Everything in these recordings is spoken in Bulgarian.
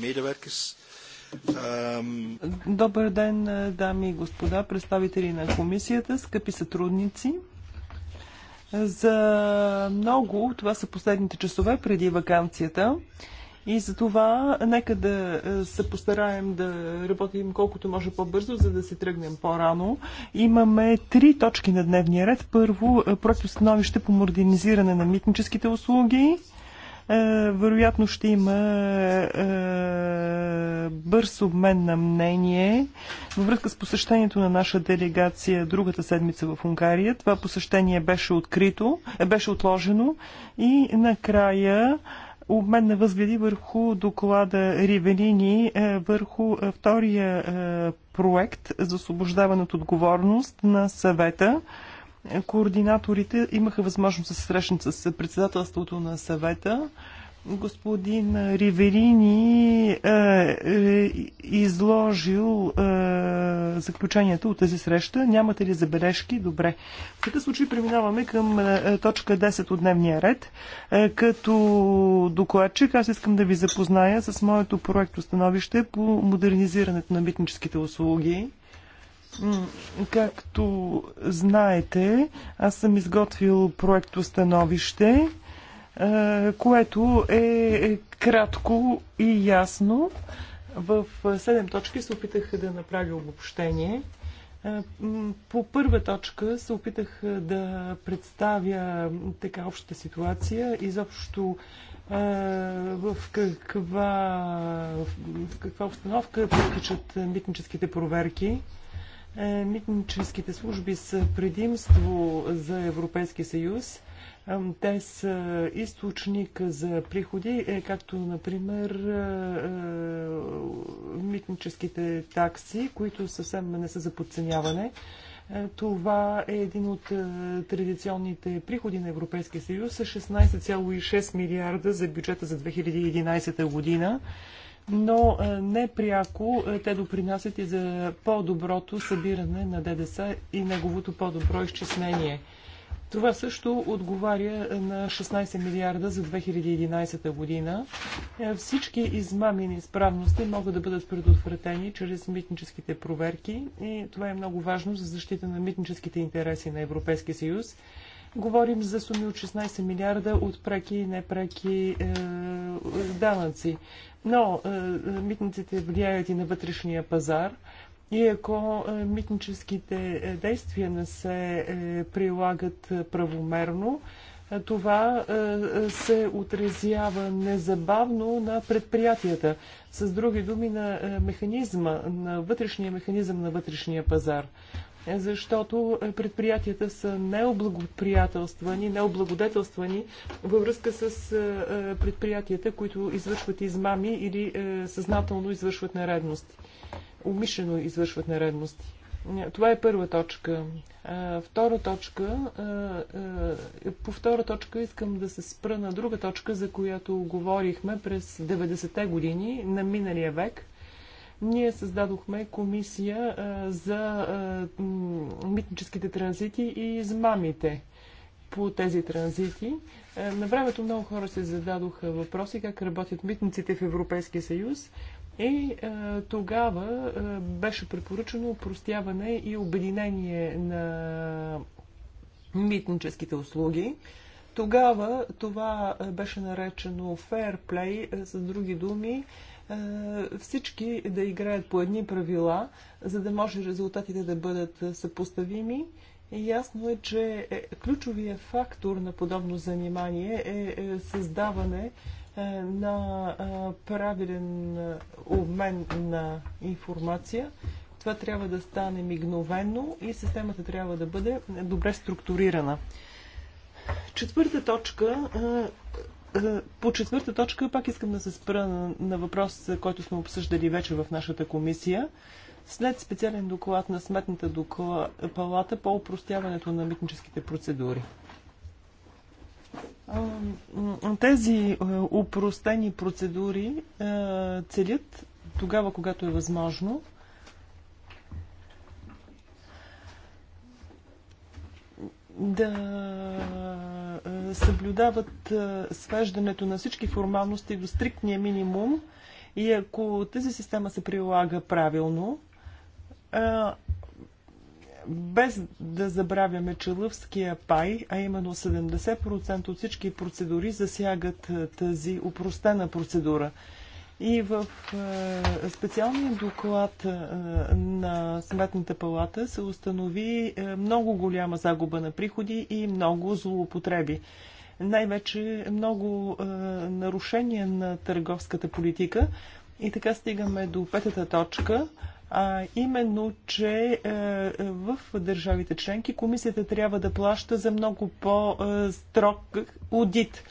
medewerkers. Ehm, Добър ден, е, дами и господа, представители на комисията, скъпи сътрудници. За много, това са последните часове преди вакансията. И за това нека да е, се постараем да работим колкото може по-бързо, за да се тръгнем по-рано. Имаме три точки на дневния ред. Първо, е, становище по модернизиране на митническите услуги. Е, вероятно ще има е, бърз обмен на мнение във връзка с посещението на наша делегация другата седмица в Унгария. Това посещение беше открито, е, беше отложено и накрая обмен на възгледи върху доклада Ривелини, върху втория проект за освобождаване от отговорност на съвета. Координаторите имаха възможност да се срещнат с председателството на съвета. Господин Риверини е, е изложил е, заключението от тази среща. Нямате ли забележки? Добре. В такъв случай преминаваме към е, е точка 10 от дневния ред. Е, като докладчик аз искам да ви запозная с моето проекто становище по модернизирането на митническите услуги. Както знаете, аз съм изготвил проекто становище, е, което е кратко и ясно. В 7 е, точки се опитах да направя обобщение. Е, по първа точка се опитах да представя така общата ситуация, изобщо в каква, в каква обстановка протичат митническите проверки. Е, митническите служби са предимство за Европейския съюз. Е, те са източник за приходи, е, както, например, митническите такси, които съвсем не са за подценяване. Това е един от традиционните приходи на Европейския съюз, 16,6 милиарда за бюджета за 2011 година но е, непряко е, те допринасят и за по-доброто събиране на ДДС и неговото по-добро изчисление. Това също отговаря е, на 16 милиарда за 2011 година. Всички измами и изправности могат да бъдат предотвратени чрез митническите проверки и това е много важно за защита на митническите интереси на Европейския съюз. Говорим за суми от 16 милиарда от преки и непреки е, данъци. Но е, митниците влияят и на вътрешния пазар. И ако е, митническите е, действия не се е, прилагат правомерно, е, това е, се отрезява незабавно на предприятията. С други думи, на механизма, на вътрешния механизъм на вътрешния пазар защото е, предприятията са необлагоприятелствани, необлагодетелствани във връзка с е, е, предприятията, които извършват измами или съзнателно извършват нередности. Умишлено извършват нередности. Това е първа точка. Втора точка, по втора точка искам да се спра на друга точка, за която говорихме през 90-те години на миналия век – ние създадохме комисия за митническите транзити и измамите по тези транзити. На времето много хора се зададоха въпроси как работят митниците в Европейския съюз и тогава беше препоръчено упростяване и обединение на митническите услуги. Тогава това беше наречено fair play, с други думи, е, всички да играят по едни правила, за да може резултатите да бъдат съпоставими. Ясно е, че е, ключовия фактор на подобно занимание е, е създаване на правилен обмен на информация. Това трябва да стане мигновено и системата трябва да бъде добре структурирана. Четвърта точка е, по четвърта точка пак искам да се спра на, на въпрос, който сме обсъждали вече в нашата комисия. След специален доклад на Сметната доклад, палата по упростяването на митническите процедури. Тези е, упростени процедури е, целят тогава, когато е възможно, да съблюдават свеждането на всички формалности до стриктния минимум и ако тази система се прилага правилно, без да забравяме, че лъвския пай, а именно 70% от всички процедури засягат тази упростена процедура. И в е, специалния доклад е, на Сметната палата се установи е, много голяма загуба на приходи и много злоупотреби. Най-вече много нарушения на търговската политика. И така стигаме до петата точка, а именно, че в държавите членки комисията трябва да плаща за много по-строг аудит.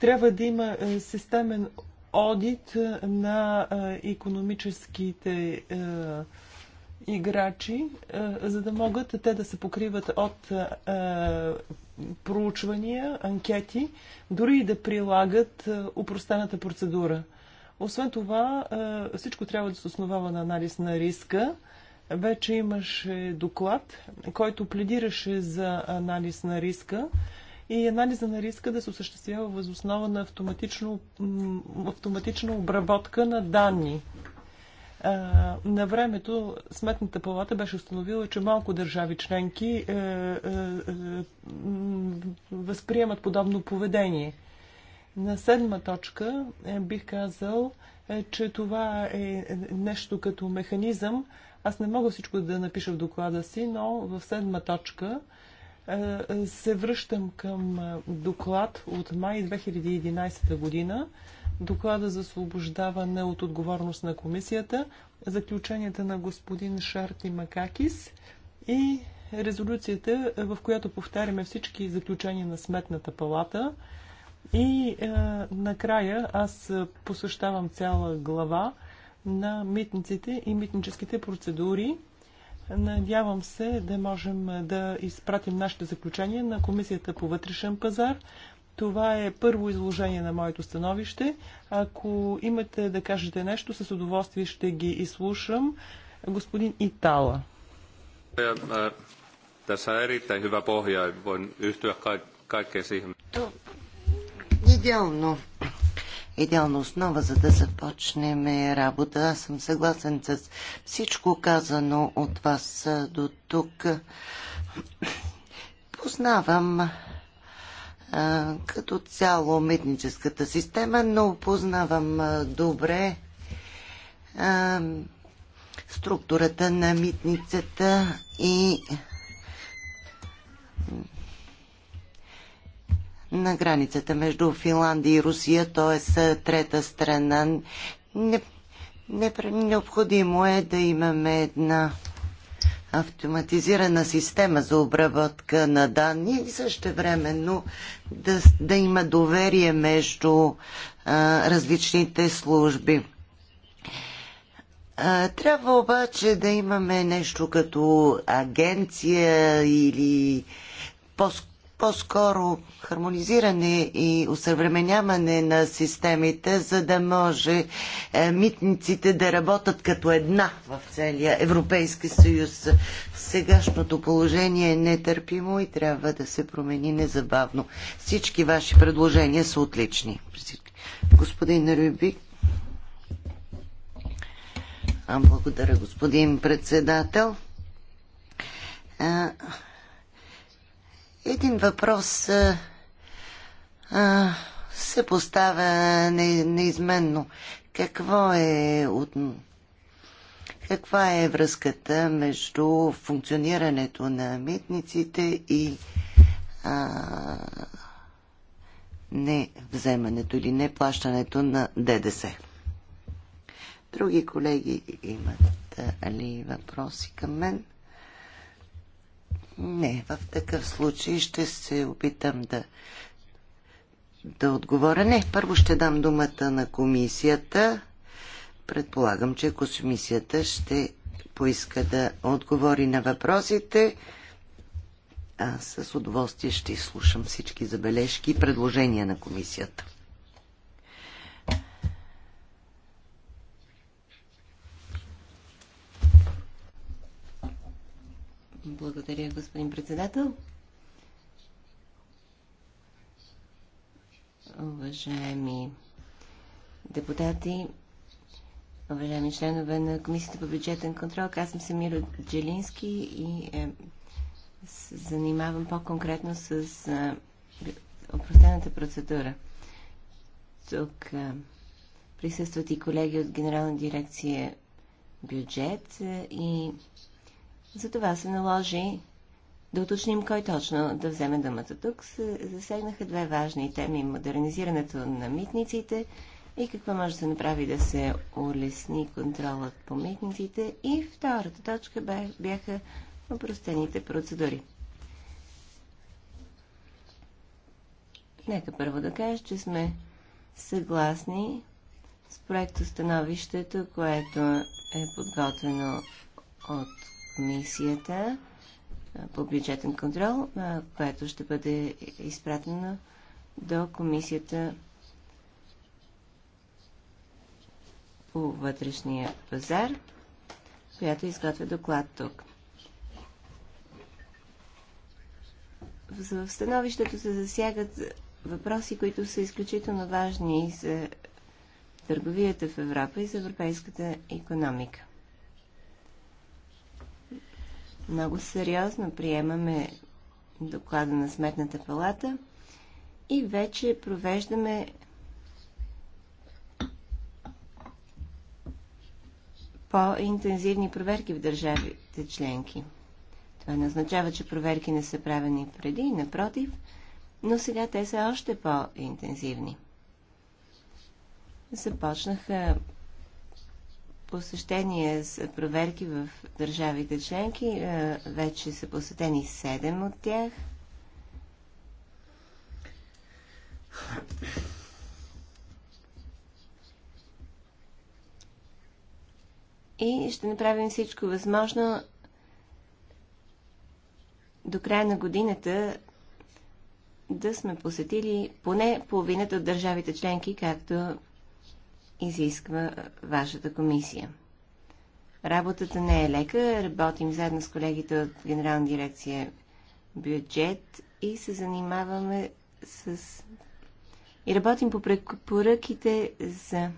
Трябва да има системен одит е, на економическите е, играчи, е, за да могат те да се покриват от проучвания, анкети, дори и да прилагат упростената процедура. Освен това, всичко трябва да се основава на анализ на риска. Вече имаше доклад, който пледираше за анализ на риска и анализа на риска да се осъществява възоснова на автоматично, автоматична обработка на данни. На времето Сметната палата беше установила, че малко държави членки е, е, е, възприемат подобно поведение. На седма точка е, бих казал, е, че това е нещо като механизъм. Аз не мога всичко да напиша в доклада си, но в седма точка – е, е, се връщам към е, доклад от май 2011 година, доклада за освобождаване от отговорност на комисията, заключенията на господин Шарти Макакис и резолюцията, в която повтаряме всички заключения на Сметната палата. И е, накрая аз посещавам цяла глава на митниците и митническите процедури. Надявам се да можем да изпратим нашите заключения на Комисията по вътрешен пазар. Това е първо изложение на моето становище. Ако имате да кажете нещо, с удоволствие ще ги изслушам. Господин Итала. on erittäin hyvä pohja. Voin yhtyä kaikkeen siihen. Идеално идеална основа, за да започнем е работа. Аз съм съгласен с всичко казано от вас до тук. Познавам като цяло митническата система, но познавам добре структурата на митницата и на границата между Финландия и Русия, т.е. трета страна. Не, не, необходимо е да имаме една автоматизирана система за обработка на данни и също времено да, да има доверие между а, различните служби. А, трябва обаче да имаме нещо като агенция или по по-скоро хармонизиране и усъвременяване на системите, за да може е, митниците да работят като една в целия Европейски съюз. Сегашното положение е нетърпимо и трябва да се промени незабавно. Всички ваши предложения са отлични. Господин Рюбик. Благодаря, господин председател. Един въпрос а, а, се поставя не, неизменно. Какво е от... Каква е връзката между функционирането на митниците и а, не вземането или не плащането на ДДС? Други колеги имат ли въпроси към мен? Не, в такъв случай ще се опитам да, да отговоря. Не, първо ще дам думата на комисията. Предполагам, че комисията ще поиска да отговори на въпросите. Аз с удоволствие ще изслушам всички забележки и предложения на комисията. Благодаря, господин председател. Уважаеми депутати, уважаеми членове на Комисията по бюджетен контрол, аз съм Самир Джелински и е, занимавам по-конкретно с е, опростената процедура. Тук е, присъстват и колеги от Генерална дирекция бюджет е, и затова се наложи да уточним кой точно да вземе думата. Тук се засегнаха две важни теми. Модернизирането на митниците и какво може да се направи да се улесни контролът по митниците. И втората точка бяха упростените процедури. Нека първо да кажа, че сме съгласни с проекто становището, което е подготвено от комисията по бюджетен контрол, което ще бъде изпратено до комисията по вътрешния пазар, която изготвя доклад тук. В становището се засягат въпроси, които са изключително важни за търговията в Европа и за европейската економика. Много сериозно приемаме доклада на Сметната палата и вече провеждаме по-интензивни проверки в държавите членки. Това не означава, че проверки не са правени преди, напротив, но сега те са още по-интензивни. Започнаха посещения с проверки в държавите членки. Е, вече са посетени 7 от тях. И ще направим всичко възможно до края на годината да сме посетили поне половината от държавите членки, както изисква вашата комисия. Работата не е лека. Работим заедно с колегите от Генерална дирекция бюджет и се занимаваме с... и работим по препоръките за...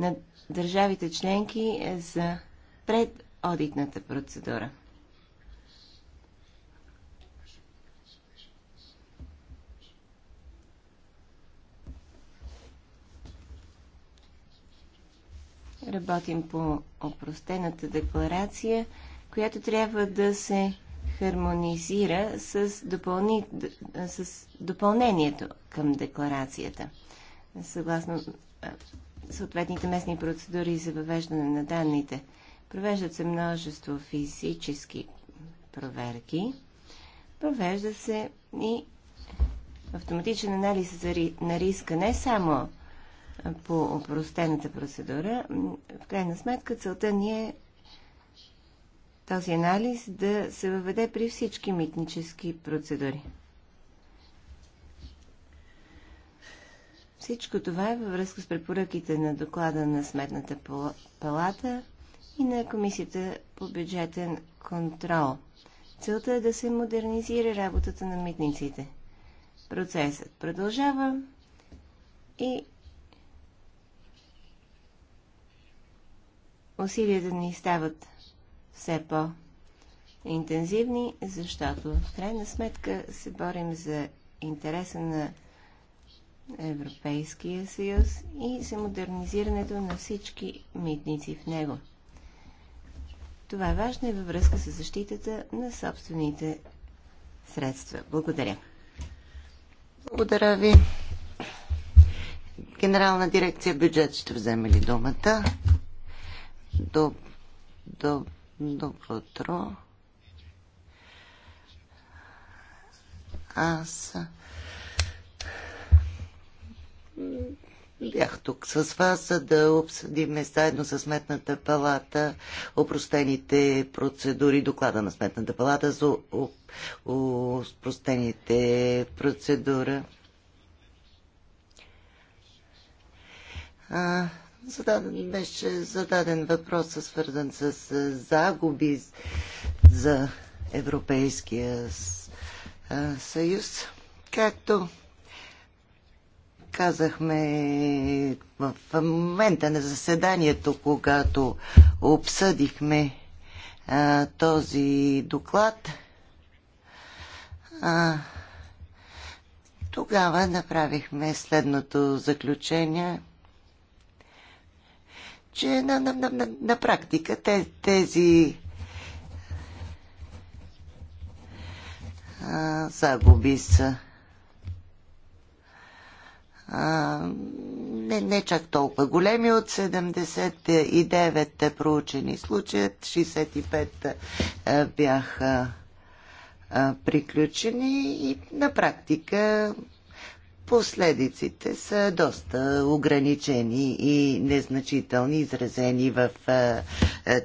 на държавите членки за предодитната процедура. Работим по опростената декларация, която трябва да се хармонизира с, допълни... с допълнението към декларацията. Съгласно съответните местни процедури за въвеждане на данните. Провеждат се множество физически проверки. Провежда се и автоматичен анализ на риска не само по упростената процедура. В крайна сметка целта ни е този анализ да се въведе при всички митнически процедури. Всичко това е във връзка с препоръките на доклада на Сметната палата и на Комисията по бюджетен контрол. Целта е да се модернизира работата на митниците. Процесът продължава и усилията ни стават все по-интензивни, защото в крайна сметка се борим за интереса на Европейския съюз и за модернизирането на всички митници в него. Това е важно и във връзка с защитата на собствените средства. Благодаря. Благодаря ви. Генерална дирекция бюджет ще вземе ли думата? Доб, доб, добро утро. Аз бях тук с вас, за да обсъдим заедно с Сметната палата опростените процедури, доклада на Сметната палата за опростените процедура. А, Зададен, беше зададен въпрос, свързан с загуби за Европейския съюз. Както казахме в момента на заседанието, когато обсъдихме а, този доклад, а, тогава направихме следното заключение – че на, на, на, на, на практика те, тези а, загуби са а, не, не чак толкова големи. От 79 проучени случаят, 65 бяха а, приключени и на практика последиците са доста ограничени и незначителни, изразени в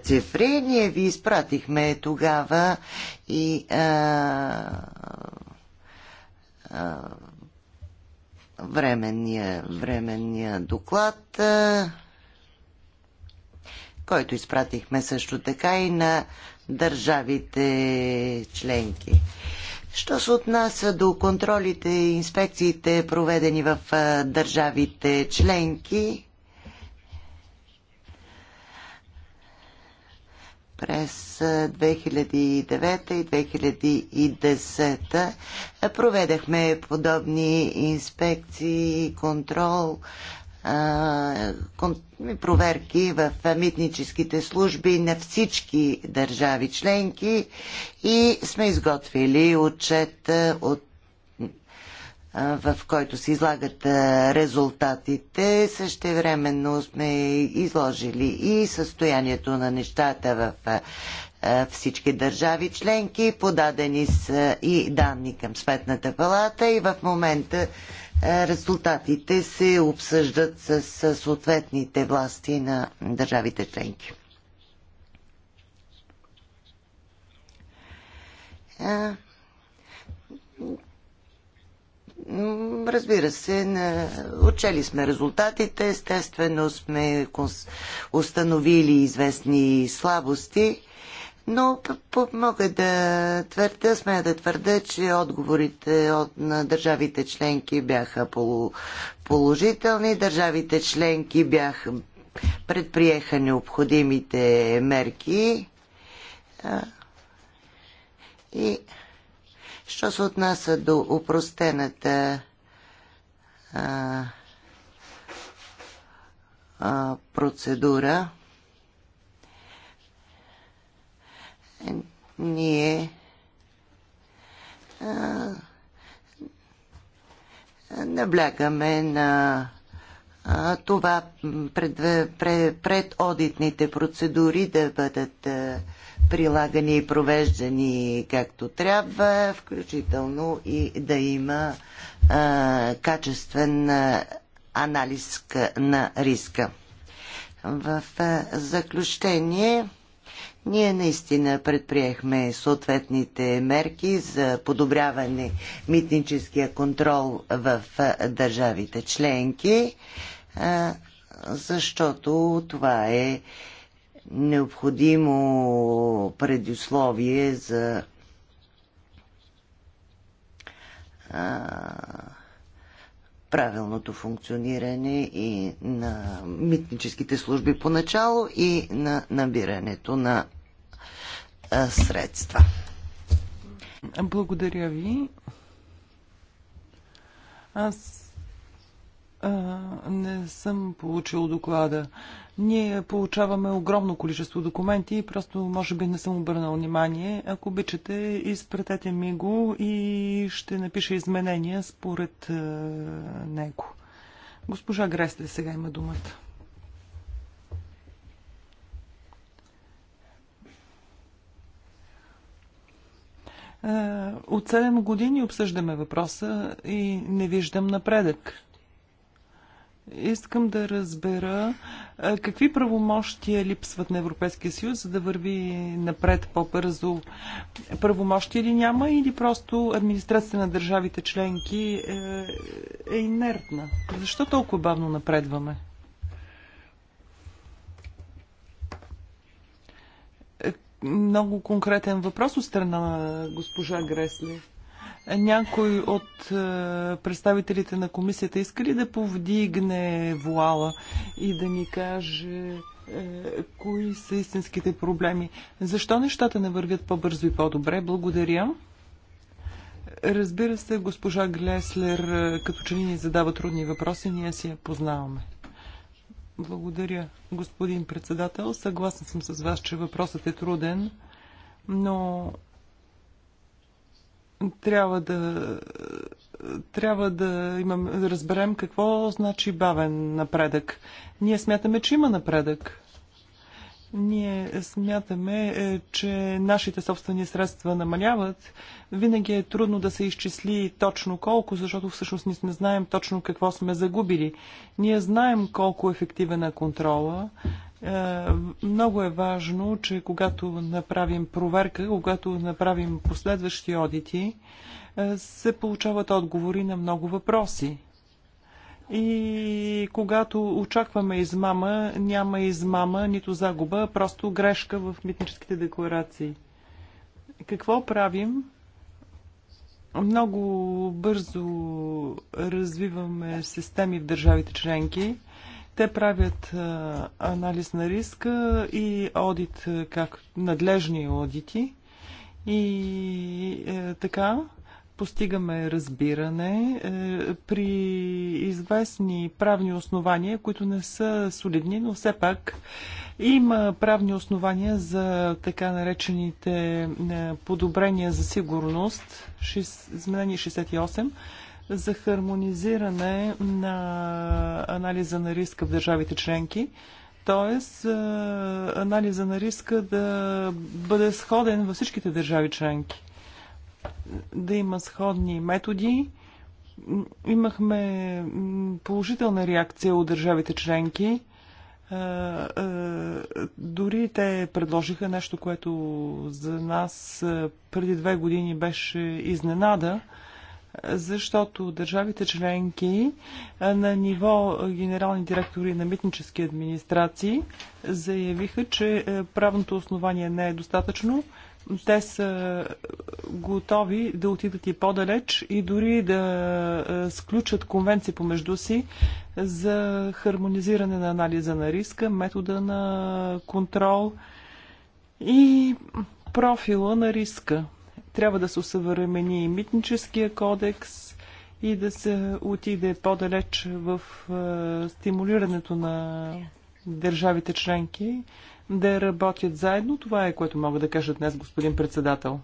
цифри. Ние ви изпратихме тогава и временния, временния доклад, който изпратихме също така и на държавите членки. Що се отнася до контролите и инспекциите, проведени в държавите членки, през 2009 и 2010 проведахме подобни инспекции, контрол проверки в митническите служби на всички държави членки и сме изготвили отчет от в който се излагат резултатите. Същевременно сме изложили и състоянието на нещата в всички държави членки. Подадени са и данни към Светната палата и в момента Резултатите се обсъждат с съответните власти на държавите членки. Разбира се, учели отчели сме резултатите, естествено сме установили известни слабости но мога да твърда, смея да твърда, че отговорите от, на държавите членки бяха положителни. Държавите членки бяха предприеха необходимите мерки. А, и що се отнася до упростената а, а, процедура, ние а, наблягаме на а, това пред, пред, пред одитните процедури да бъдат а, прилагани и провеждани както трябва, включително и да има а, качествен а, анализ на риска. В а, заключение ние наистина предприехме съответните мерки за подобряване митническия контрол в държавите членки, защото това е необходимо предусловие за правилното функциониране и на митническите служби поначало и на набирането на средства. Благодаря ви. Аз не съм получил доклада. Ние получаваме огромно количество документи и просто може би не съм обърнал внимание. Ако обичате, изпратете ми го и ще напиша изменения според него. Госпожа Гресле сега има думата. От 7 години обсъждаме въпроса и не виждам напредък. Искам да разбера какви правомощия липсват на Европейския съюз, за да върви напред по-бързо. Правомощия ли няма или просто администрацията на държавите членки е, е инертна? Защо толкова бавно напредваме? Е, много конкретен въпрос от страна на госпожа Греслев. Някой от е, представителите на комисията иска ли да повдигне вуала и да ни каже е, кои са истинските проблеми? Защо нещата не вървят по-бързо и по-добре? Благодаря. Разбира се, госпожа Глеслер, е, като че ли ни задава трудни въпроси, ние си я познаваме. Благодаря, господин председател. Съгласен съм с вас, че въпросът е труден, но трябва да трябва да, имам, да разберем какво значи бавен напредък. Ние смятаме, че има напредък. Ние смятаме, е, че нашите собствени средства намаляват. Винаги е трудно да се изчисли точно колко, защото всъщност ние не знаем точно какво сме загубили. Ние знаем колко ефективен е контрола. Е, много е важно, че когато направим проверка, когато направим последващи одити, е, се получават отговори на много въпроси и когато очакваме измама, няма измама, нито загуба, просто грешка в митническите декларации. Какво правим? Много бързо развиваме системи в държавите членки. Те правят анализ на риска и одит, как надлежни одити. И е, така, постигаме разбиране е, при известни правни основания, които не са солидни, но все пак има правни основания за така наречените е, подобрения за сигурност, изменение 68, за хармонизиране на анализа на риска в държавите членки т.е. анализа на риска да бъде сходен във всичките държави членки да има сходни методи. Имахме положителна реакция от държавите членки. Е, е, дори те предложиха нещо, което за нас е, преди две години беше изненада защото държавите членки на ниво генерални директори на митнически администрации заявиха, че правното основание не е достатъчно те са готови да отидат и по-далеч и дори да е, сключат конвенции помежду си за хармонизиране на анализа на риска, метода на контрол и профила на риска. Трябва да се усъвремени и митническия кодекс и да се отиде по-далеч в е, стимулирането на държавите членки да работят заедно. Това е което мога да кажа днес, господин председател.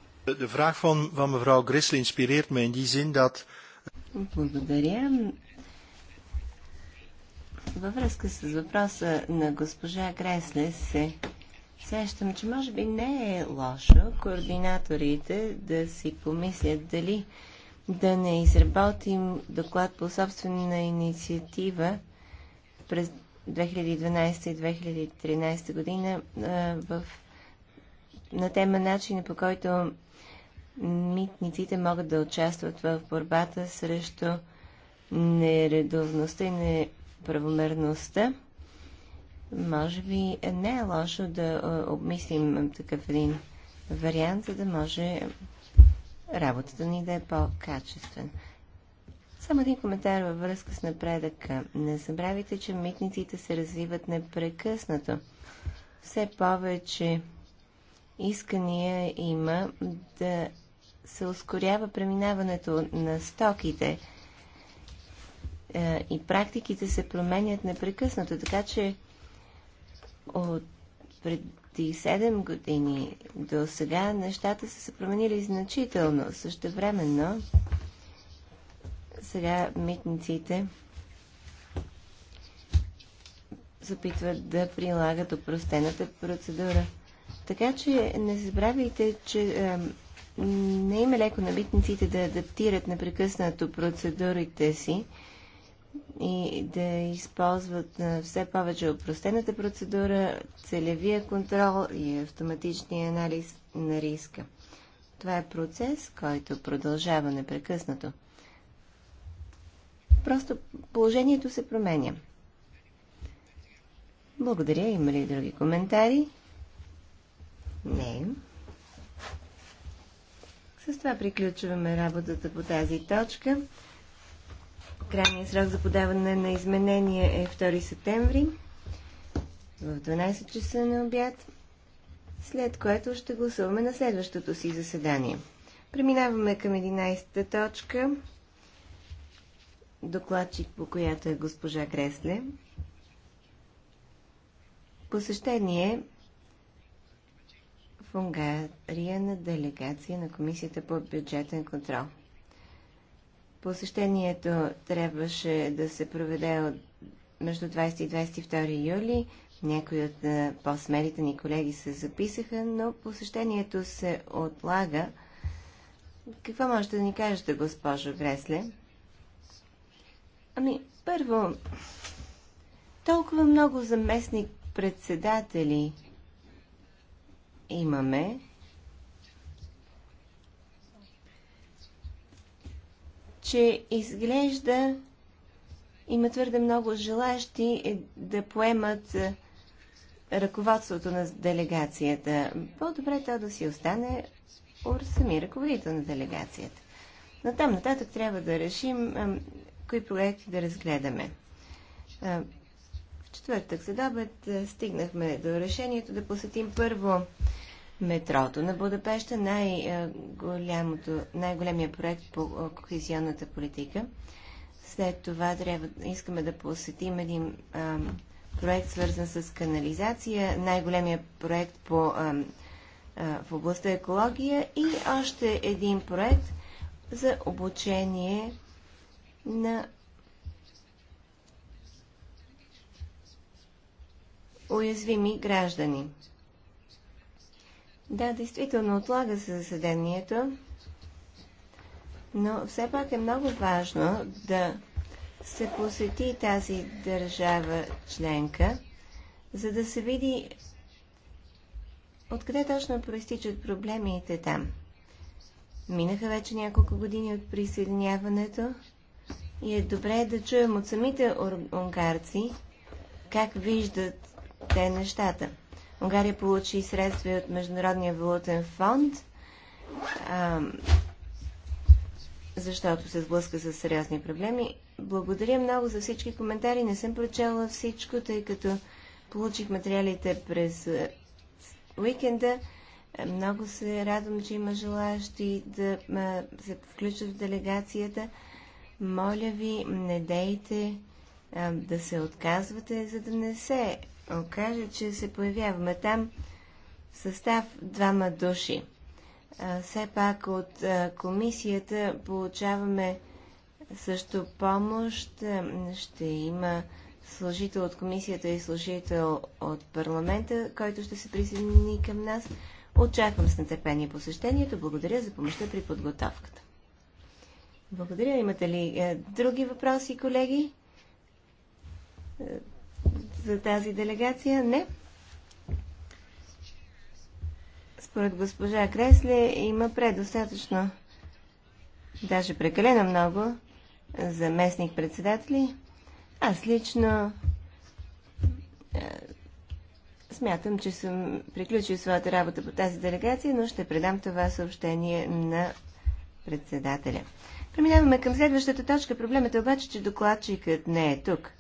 Благодаря. Във връзка с въпроса на госпожа Гресле се сещам, че може би не е лошо координаторите да си помислят дали да не изработим доклад по собствена инициатива през 2012 и 2013 година в, на тема начина по който митниците могат да участват в борбата срещу нередовността и неправомерността. Може би не е лошо да обмислим такъв един вариант, за да може работата ни да е по-качествена. Само един коментар във връзка с напредъка. Не забравяйте, че митниците се развиват непрекъснато. Все повече искания има да се ускорява преминаването на стоките е, и практиките се променят непрекъснато, така че от преди 7 години до сега нещата са се променили значително. също времено сега митниците се опитват да прилагат опростената процедура. Така че не забравяйте, че е, не им е леко на митниците да адаптират непрекъснато процедурите си и да използват все повече опростената процедура, целевия контрол и автоматичния анализ на риска. Това е процес, който продължава непрекъснато. Просто положението се променя. Благодаря. Има ли други коментари? Не. С това приключваме работата по тази точка. Крайният срок за подаване на изменения е 2 септември в 12 часа на обяд, след което ще гласуваме на следващото си заседание. Преминаваме към 11 точка докладчик, по която е госпожа Кресле. Посещение в Унгария на делегация на Комисията по бюджетен контрол. Посещението трябваше да се проведе от между 20 и 22 юли. Някои от по-смелите ни колеги се записаха, но посещението се отлага. Какво можете да ни кажете, госпожо Гресле? Ами, първо, толкова много заместник председатели имаме, че изглежда има твърде много желащи е, да поемат е, ръководството на делегацията. По-добре то да си остане от сами ръководител на делегацията. Но там нататък трябва да решим кои проекти да разгледаме. В четвъртък след обед стигнахме до решението да посетим първо метрото на Будапеща, най-голямото, най-големия проект по кохезионната политика. След това трябва, искаме да посетим един а, проект, свързан с канализация, най-големия проект по, а, а, в областта екология и още един проект за обучение на уязвими граждани. Да, действително отлага се заседанието, но все пак е много важно да се посети тази държава членка, за да се види откъде точно проистичат проблемите там. Минаха вече няколко години от присъединяването. И е добре да чуем от самите унгарци как виждат те нещата. Унгария получи средства от Международния валутен фонд, а, защото се сблъска с сериозни проблеми. Благодаря много за всички коментари. Не съм прочела всичко, тъй като получих материалите през уикенда. Е, много се радвам, че има желаящи да се включат в делегацията. Моля ви, не дейте а, да се отказвате, за да не се окаже, че се появяваме там състав двама души. А, все пак от а, комисията получаваме също помощ. Ще има служител от комисията и служител от парламента, който ще се присъедини към нас. Очаквам с нетърпение посещението. Благодаря за помощта при подготовката. Благодаря. Имате ли е, други въпроси, колеги? Е, за тази делегация? Не. Според госпожа Кресле има предостатъчно, даже прекалено много, заместник председатели. Аз лично е, смятам, че съм приключил своята работа по тази делегация, но ще предам това съобщение на председателя. Преминаваме към следващата точка. Проблемът е обаче, че докладчикът не е тук.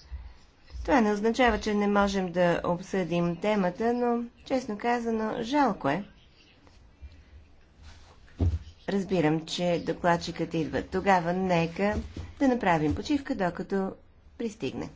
Това не означава, че не можем да обсъдим темата, но честно казано, жалко е. Разбирам, че докладчикът идва. Тогава нека да направим почивка, докато пристигне.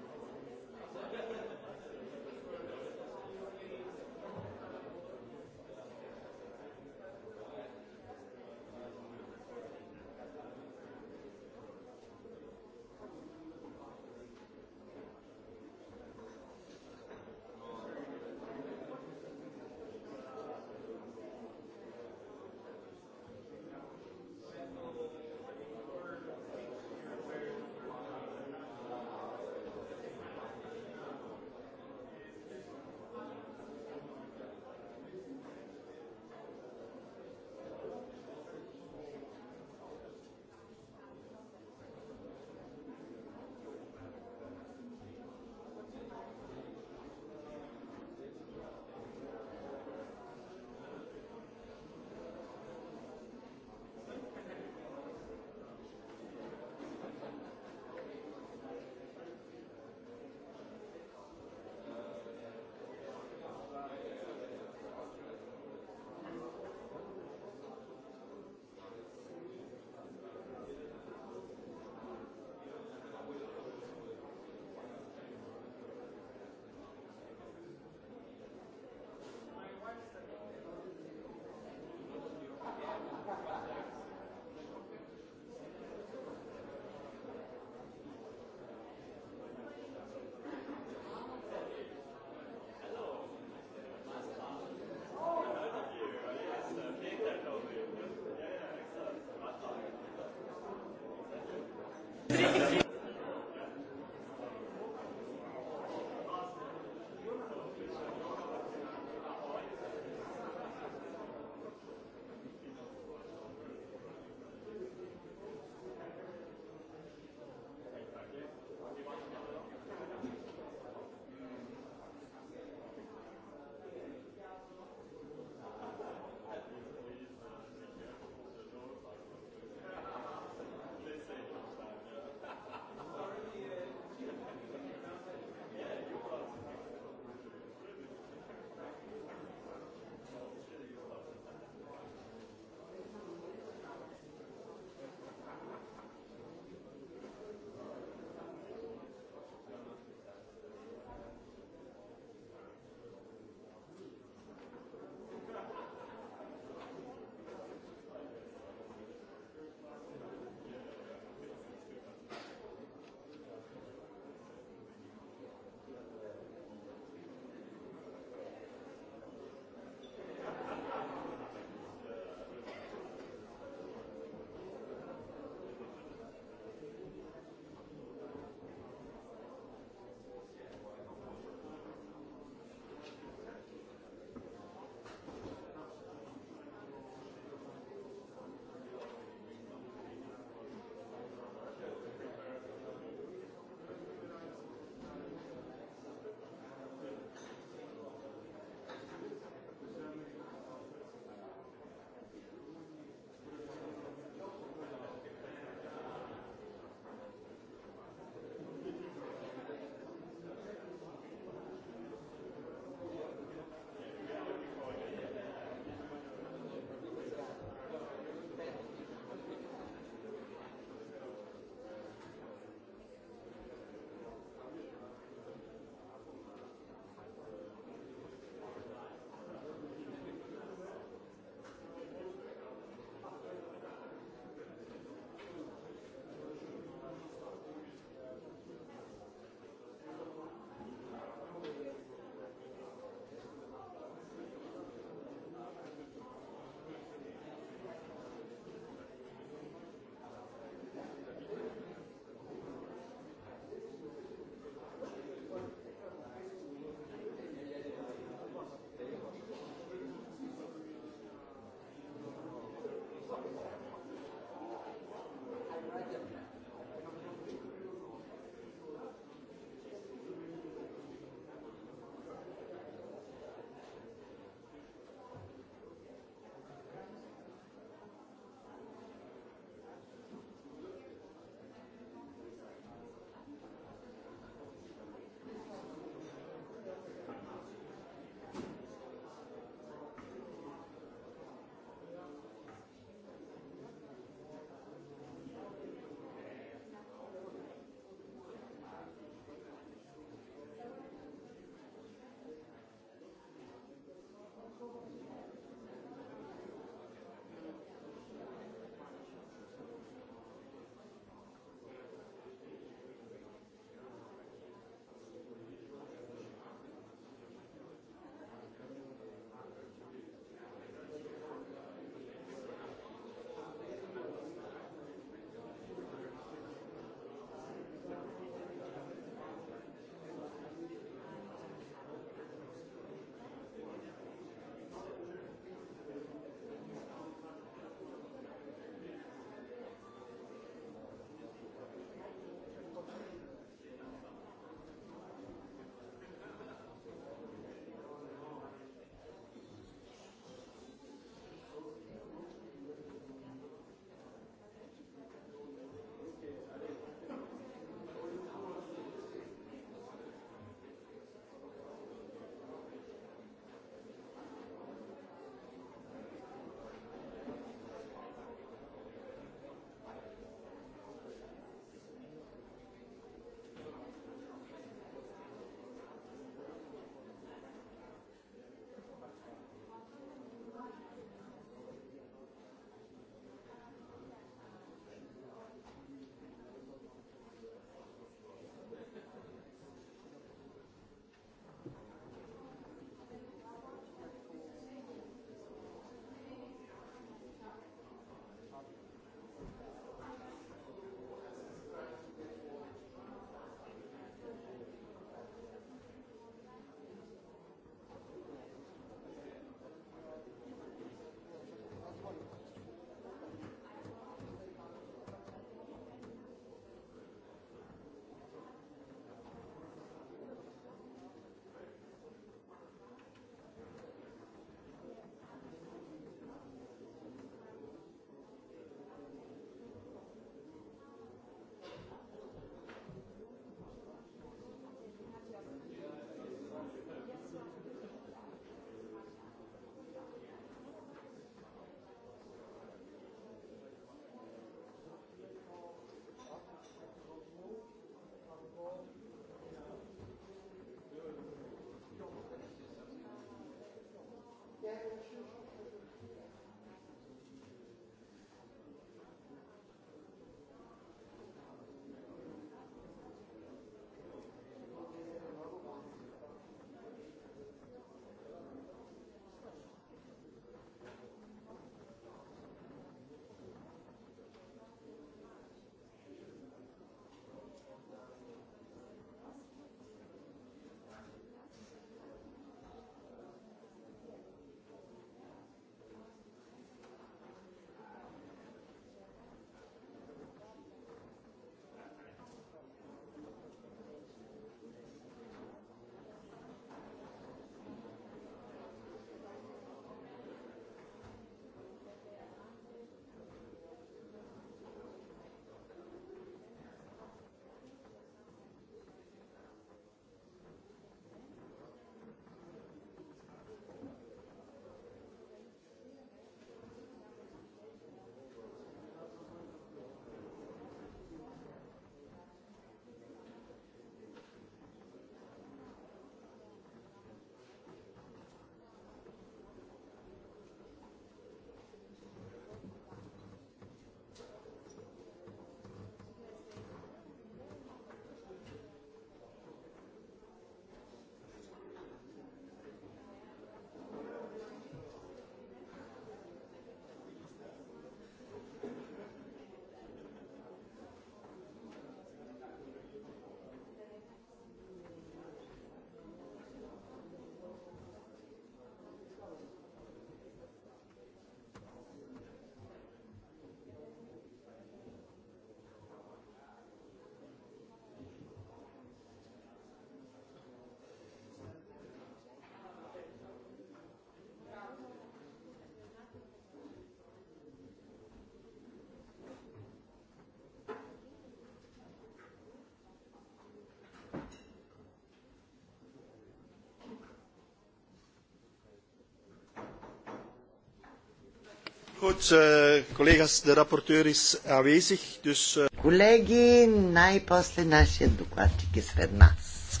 Goed, eh, collega's, de rapporteur is aanwezig, dus... Eh, Колеги, най-после нашия докладчик е сред нас.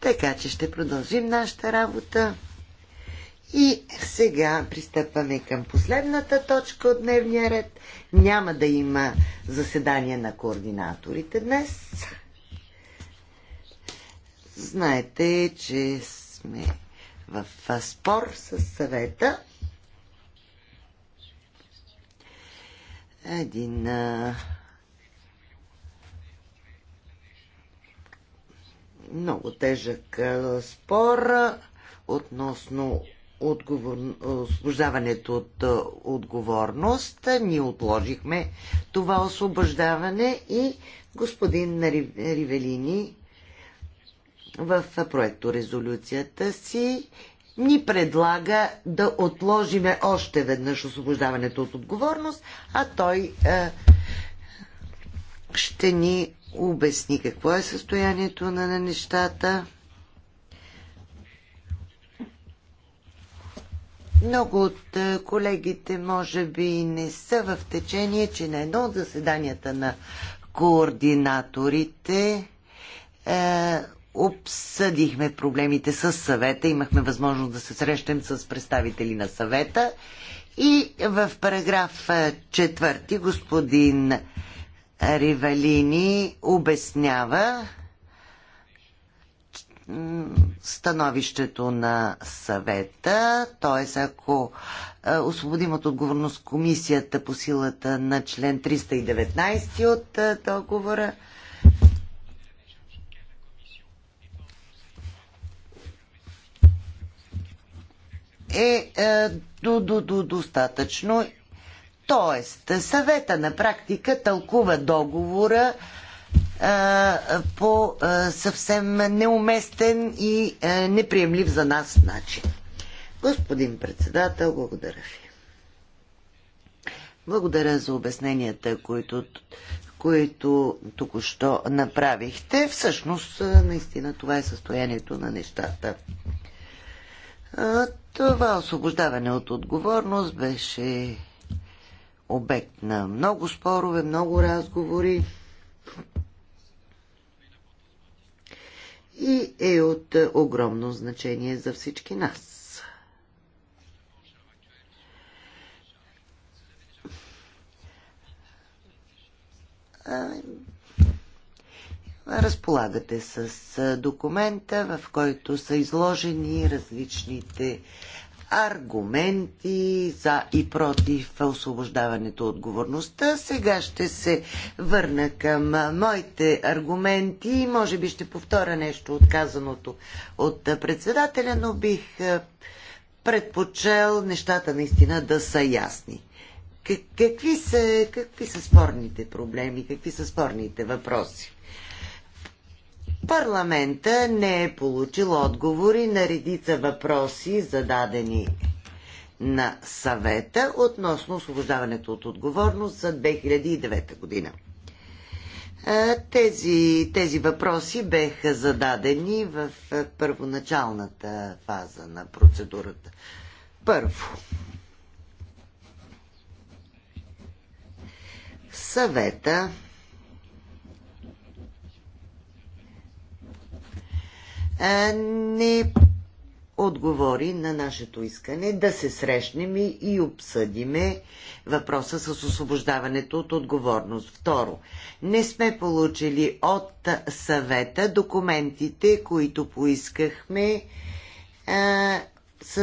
Така че ще продължим нашата работа. И сега пристъпваме към последната точка от дневния ред. Няма да има заседание на координаторите днес. Знаете, че сме в спор с съвета един а, много тежък а, спор относно отговор... освобождаването от а, отговорност. Ние отложихме това освобождаване и господин Ривелини в проекто резолюцията си ни предлага да отложиме още веднъж освобождаването от отговорност, а той е, ще ни обясни какво е състоянието на нещата. Много от е, колегите може би не са в течение, че на едно от заседанията на координаторите е, обсъдихме проблемите с съвета, имахме възможност да се срещнем с представители на съвета и в параграф четвърти господин Ривалини обяснява становището на съвета, т.е. ако освободим от отговорност комисията по силата на член 319 от договора, е, е до, до, до, достатъчно. Тоест, съвета на практика тълкува договора е, по е, съвсем неуместен и е, неприемлив за нас начин. Господин председател, благодаря ви. Благодаря за обясненията, които, които току-що направихте. Всъщност, е, наистина, това е състоянието на нещата. Е, това освобождаване от отговорност беше обект на много спорове, много разговори и е от огромно значение за всички нас. Разполагате с документа, в който са изложени различните аргументи за и против освобождаването от отговорността. Сега ще се върна към моите аргументи и може би ще повторя нещо отказаното от председателя, но бих предпочел нещата наистина да са ясни. Какви са, какви са спорните проблеми, какви са спорните въпроси? Парламента не е получил отговори на редица въпроси, зададени на съвета относно освобождаването от отговорност за 2009 година. Тези, тези въпроси беха зададени в първоначалната фаза на процедурата. Първо, съвета не отговори на нашето искане да се срещнем и, обсъдиме въпроса с освобождаването от отговорност. Второ, не сме получили от съвета документите, които поискахме а, с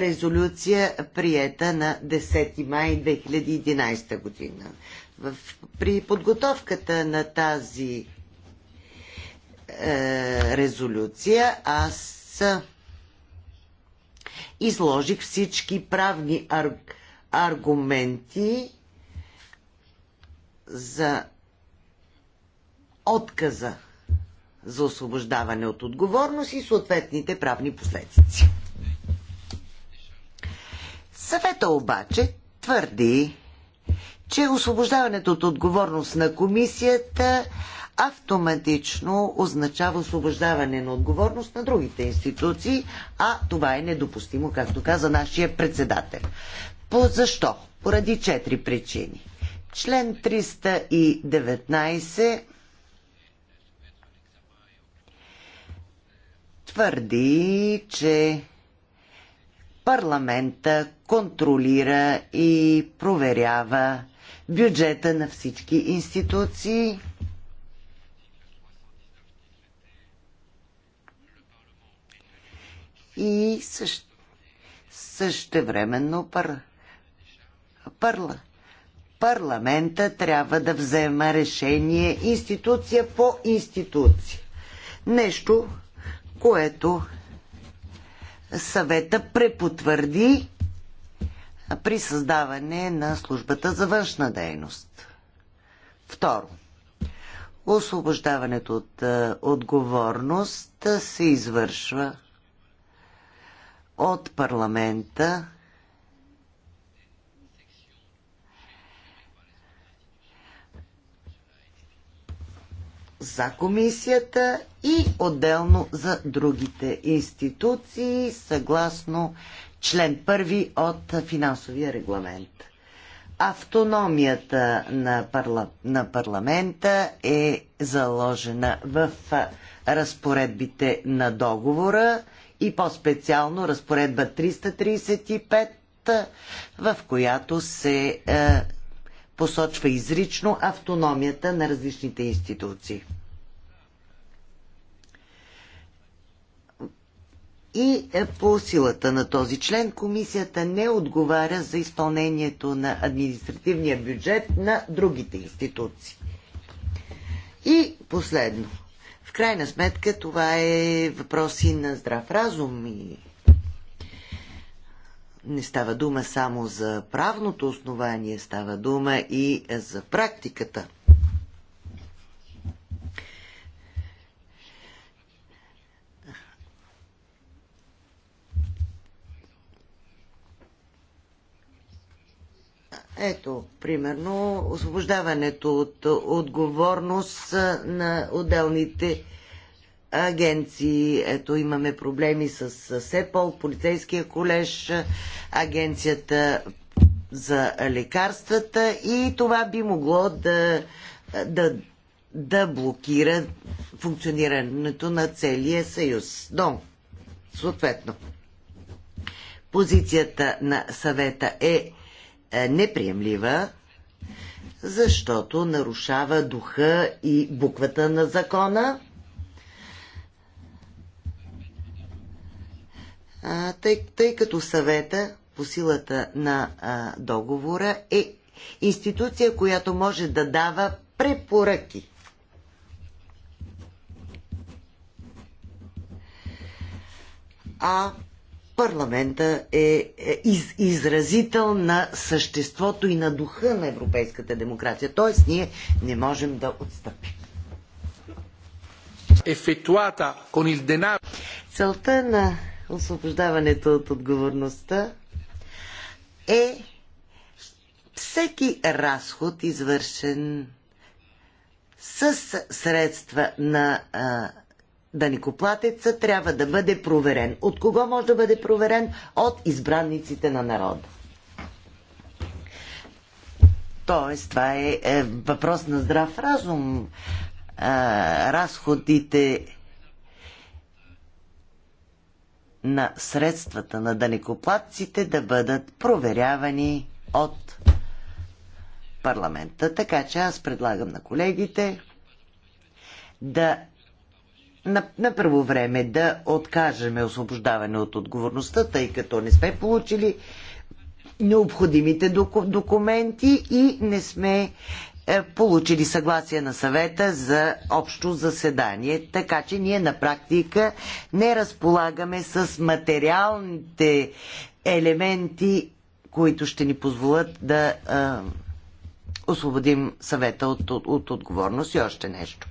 резолюция приета на 10 май 2011 година. В, при подготовката на тази е, резолюция аз изложих всички правни ар, аргументи за отказа за освобождаване от отговорност и съответните правни последици. Съвета обаче твърди, че освобождаването от отговорност на комисията автоматично означава освобождаване на отговорност на другите институции, а това е недопустимо, както каза нашия председател. По защо? Поради четири причини. Член 319 твърди, че парламента контролира и проверява бюджета на всички институции – и също, същевременно пар, парла, парламента трябва да взема решение институция по институция. Нещо, което съвета препотвърди при създаване на службата за външна дейност. Второ, освобождаването от е, отговорност се извършва от парламента за комисията и отделно за другите институции, съгласно член първи от финансовия регламент. Автономията на, парла... на парламента е заложена в разпоредбите на договора и по-специално разпоредба 335, в която се е, посочва изрично автономията на различните институции. И е, по силата на този член комисията не отговаря за изпълнението на административния бюджет на другите институции. И последно. В крайна сметка това е въпроси на здрав разум и не става дума само за правното основание, става дума и за практиката – Ето, примерно, освобождаването от отговорност на отделните агенции. Ето, имаме проблеми с СЕПОЛ, полицейския колеж, агенцията за лекарствата и това би могло да, да, да блокира функционирането на целия съюз. Но, съответно, позицията на съвета е е, неприемлива, защото нарушава духа и буквата на закона. А, тъй, тъй като съвета по силата на а, договора е институция, която може да дава препоръки. А парламента е, е из, изразител на съществото и на духа на европейската демокрация. Тоест, ние не можем да отстъпим. Целта на освобождаването от отговорността е всеки разход, извършен с средства на а, даникоплатеца трябва да бъде проверен. От кого може да бъде проверен? От избранниците на народа. Тоест, това е, е въпрос на здрав разум. А, е, разходите на средствата на данекоплатците да бъдат проверявани от парламента. Така че аз предлагам на колегите да на, на първо време да откажеме освобождаване от отговорността, тъй като не сме получили необходимите документи и не сме е, получили съгласие на съвета за общо заседание. Така че ние на практика не разполагаме с материалните елементи, които ще ни позволят да а, е, освободим съвета от, от, от отговорност и още нещо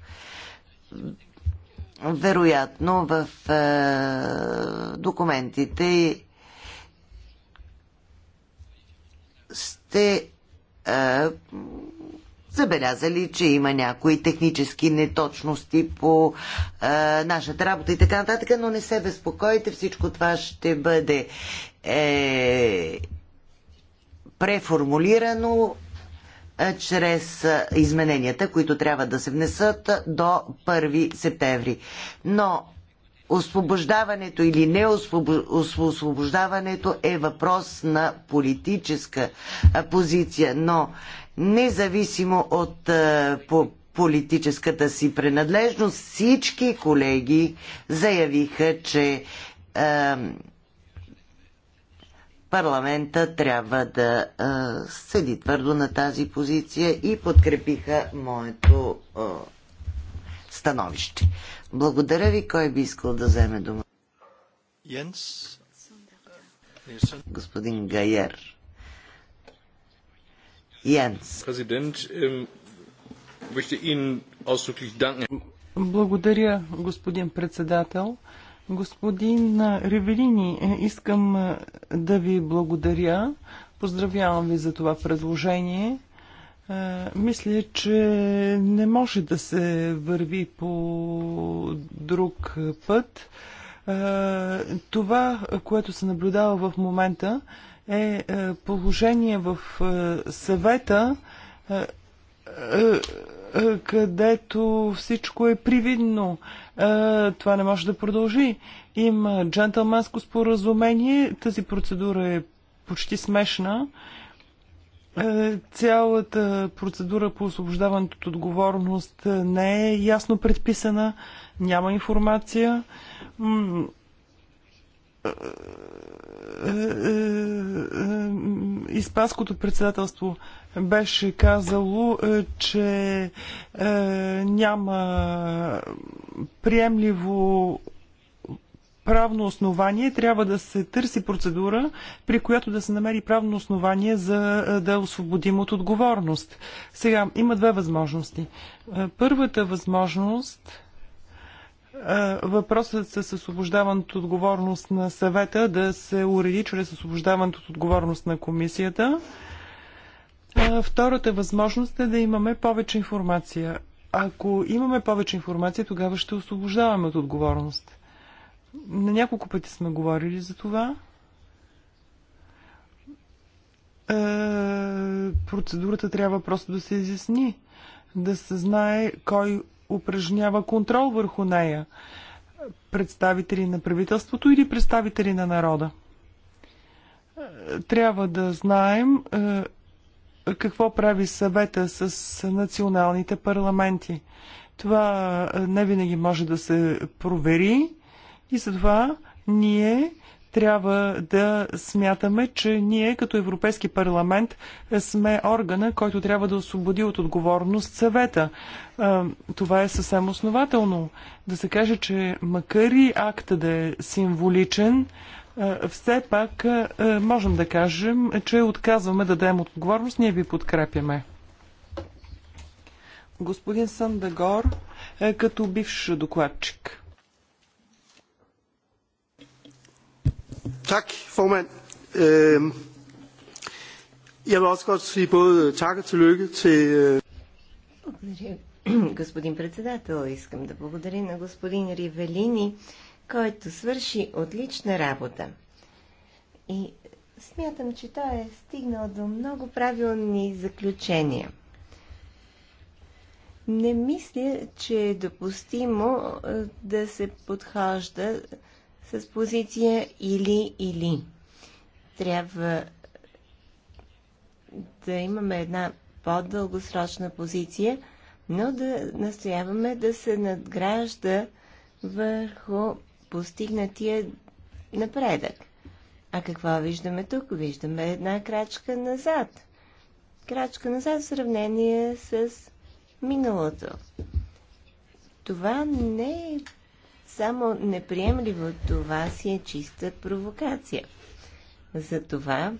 вероятно в е, документите сте е, забелязали, че има някои технически неточности по е, нашата работа и така нататък, но не се безпокойте, всичко това ще бъде е, преформулирано е, чрез е, измененията, които трябва да се внесат е, до 1 септември. Но освобождаването или неосвобождаването е въпрос на политическа позиция, но независимо от политическата си принадлежност, всички колеги заявиха, че парламента трябва да а, седи твърдо на тази позиция и подкрепиха моето а, становище. Благодаря ви. Кой би искал да вземе дума? Йенс. Господин Гайер. Йенс. Президент, Благодаря, господин председател. Господин Ревелини, е, искам е, да ви благодаря. Поздравявам ви за това предложение. Е, мисля, че не може да се върви по друг път. Това, което се наблюдава в момента, е положение в съвета, е, където всичко е привидно. Е, това не може да продължи. Има джентълменско споразумение. Тази процедура е почти смешна. Е, цялата процедура по освобождаването от отговорност не е ясно предписана, няма информация е, е, е, Испанското председателство беше казало, че няма приемливо правно основание, трябва да се търси процедура, при която да се намери правно основание за да освободим от отговорност. Сега има две възможности. Първата възможност е, въпросът с освобождаването от отговорност на съвета да се уреди чрез освобождаването от отговорност на комисията. Е, втората възможност е да имаме повече информация. Ако имаме повече информация, тогава ще освобождаваме от отговорност. На няколко пъти сме говорили за това. Е, процедурата трябва просто да се изясни, да се знае кой упражнява контрол върху нея? Представители на правителството или представители на народа? Трябва да знаем е, какво прави съвета с националните парламенти. Това е, не винаги може да се провери и затова ние трябва да смятаме, че ние като Европейски парламент сме органа, който трябва да освободи от отговорност съвета. Това е съвсем основателно. Да се каже, че макар и акта да е символичен, все пак можем да кажем, че отказваме да дадем отговорност, ние ви подкрепяме. Господин Сандагор, е, като бивш докладчик. Tak, formand. Øh, jeg vil også godt sige både tak og tillykke til... Øh, благодаря, господин председател. Искам да благодаря на господин Ривелини, който свърши отлична работа. И смятам, че той е стигнал до много правилни заключения. Не мисля, че е допустимо да се подхожда с позиция или или. Трябва да имаме една по-дългосрочна позиция, но да настояваме да се надгражда върху постигнатия напредък. А какво виждаме тук? Виждаме една крачка назад. Крачка назад в сравнение с миналото. Това не е само неприемливо това си е чиста провокация. Затова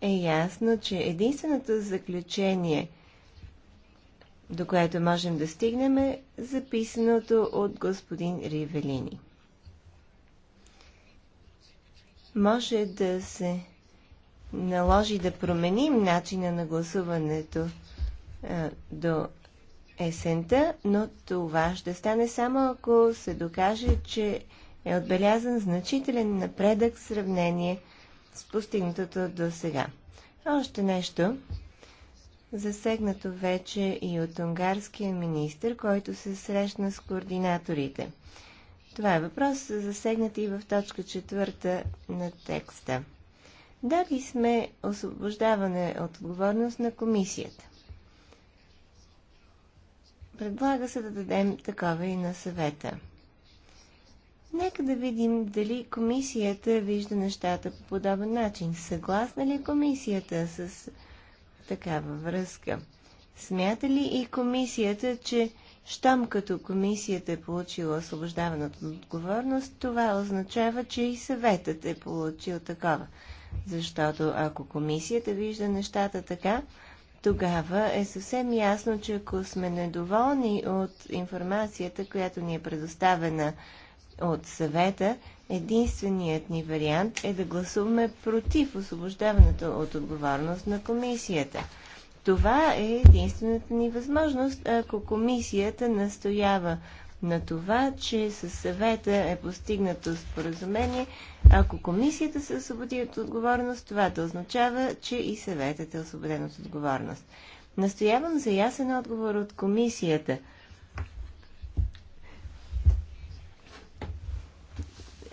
е ясно, че единственото заключение, до което можем да стигнем е записаното от господин Ривелини. Може да се наложи да променим начина на гласуването а, до есента, но това ще стане само ако се докаже, че е отбелязан значителен напредък в сравнение с постигнатото до сега. Още нещо, засегнато вече и от унгарския министр, който се срещна с координаторите. Това е въпрос, засегнат и в точка четвърта на текста. Дали сме освобождаване от отговорност на комисията. Предлага се да дадем такова и на съвета. Нека да видим дали комисията вижда нещата по подобен начин. Съгласна ли комисията с такава връзка? Смята ли и комисията, че щом като комисията е получила освобождаване от отговорност, това означава, че и съветът е получил такова? Защото ако комисията вижда нещата така, тогава е съвсем ясно, че ако сме недоволни от информацията, която ни е предоставена от съвета, единственият ни вариант е да гласуваме против освобождаването от отговорност на комисията. Това е единствената ни възможност, ако комисията настоява на това, че със съвета е постигнато споразумение. Ако комисията се освободи от отговорност, това да означава, че и съветът е освободен от отговорност. Настоявам за ясен отговор от комисията.